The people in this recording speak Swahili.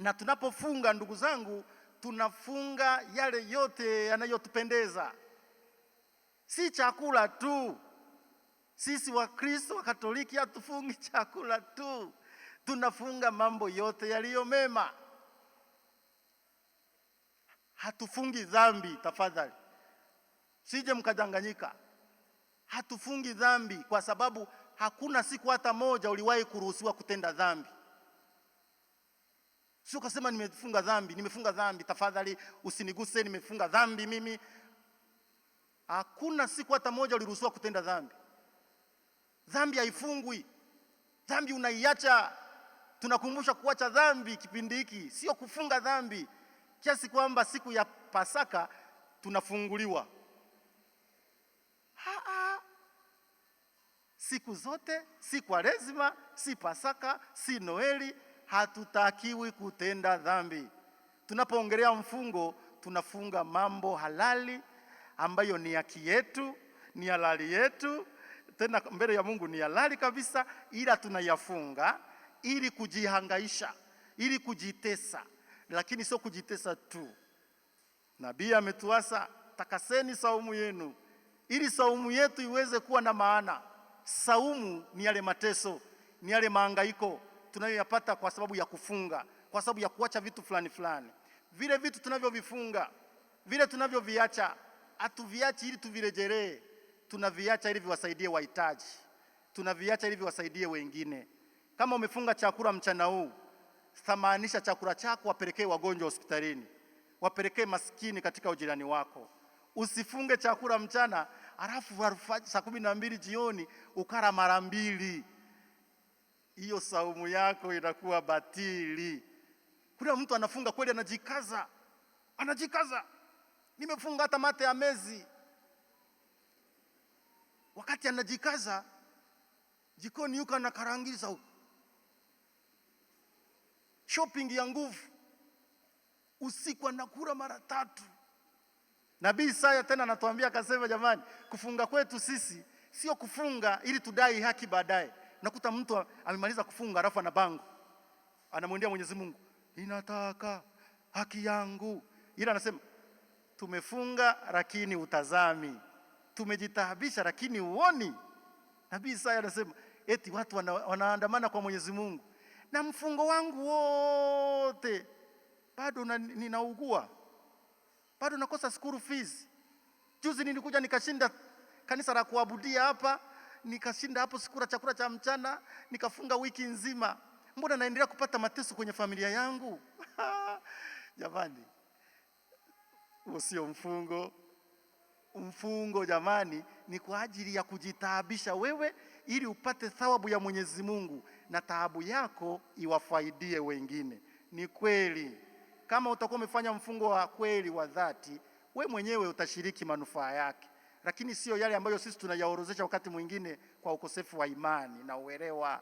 Na tunapofunga ndugu zangu, tunafunga yale yote yanayotupendeza, si chakula tu. Sisi Wakristo wa Katoliki hatufungi chakula tu, tunafunga mambo yote yaliyo mema. Hatufungi dhambi, tafadhali sije mkadanganyika. Hatufungi dhambi kwa sababu hakuna siku hata moja uliwahi kuruhusiwa kutenda dhambi. Sio ukasema nimefunga dhambi, nimefunga dhambi, tafadhali usiniguse, nimefunga dhambi mimi. Hakuna siku hata moja uliruhusiwa kutenda dhambi. Dhambi haifungwi, dhambi unaiacha. Tunakumbusha kuacha dhambi kipindi hiki, sio kufunga dhambi, kiasi kwamba siku ya Pasaka tunafunguliwa. Ha -ha. Siku zote si Kwaresima, si Pasaka, si Noeli hatutakiwi kutenda dhambi. Tunapoongelea mfungo, tunafunga mambo halali ambayo ni haki yetu, ni halali yetu, tena mbele ya Mungu ni halali kabisa, ila tunayafunga ili kujihangaisha, ili kujitesa, lakini sio kujitesa tu. Nabii ametuasa takaseni saumu yenu, ili saumu yetu iweze kuwa na maana. Saumu ni yale mateso, ni yale mahangaiko tunayoyapata kwa sababu ya kufunga, kwa sababu ya kuacha vitu fulani fulani. Vile vitu tunavyovifunga, vile tunavyoviacha, hatuviachi ili tuvirejelee, tunaviacha ili viwasaidie wahitaji, tunaviacha ili viwasaidie wengine. Kama umefunga chakula mchana huu, thamanisha chakula chako, wapelekee wagonjwa hospitalini, wapelekee maskini katika ujirani wako. Usifunge chakula mchana alafu saa kumi na mbili jioni ukala mara mbili hiyo saumu yako inakuwa batili. Kuna mtu anafunga kweli, anajikaza, anajikaza, nimefunga hata mate ya mezi. Wakati anajikaza jikoni, yuko anakarangiza huko, shopping ya nguvu, usiku anakula mara tatu. Nabii Isaya tena anatuambia akasema, jamani, kufunga kwetu sisi sio kufunga ili tudai haki baadaye nakuta mtu amemaliza kufunga alafu ana bango anamwendea Mwenyezi Mungu, inataka haki yangu, ila anasema tumefunga lakini utazami, tumejitahabisha lakini uoni. Nabii Isaya anasema eti watu wana, wanaandamana kwa Mwenyezi Mungu na mfungo wangu wote bado na, ninaugua bado nakosa school fees. Juzi nilikuja nikashinda kanisa la kuabudia hapa nikashinda hapo, sikula chakula cha mchana, nikafunga wiki nzima, mbona naendelea kupata mateso kwenye familia yangu? Jamani, huo sio mfungo. Mfungo jamani, ni kwa ajili ya kujitaabisha wewe, ili upate thawabu ya Mwenyezi Mungu na taabu yako iwafaidie wengine. Ni kweli, kama utakuwa umefanya mfungo wa kweli wa dhati, we mwenyewe utashiriki manufaa yake lakini siyo yale ambayo sisi tunayaorozesha wakati mwingine kwa ukosefu wa imani na uelewa.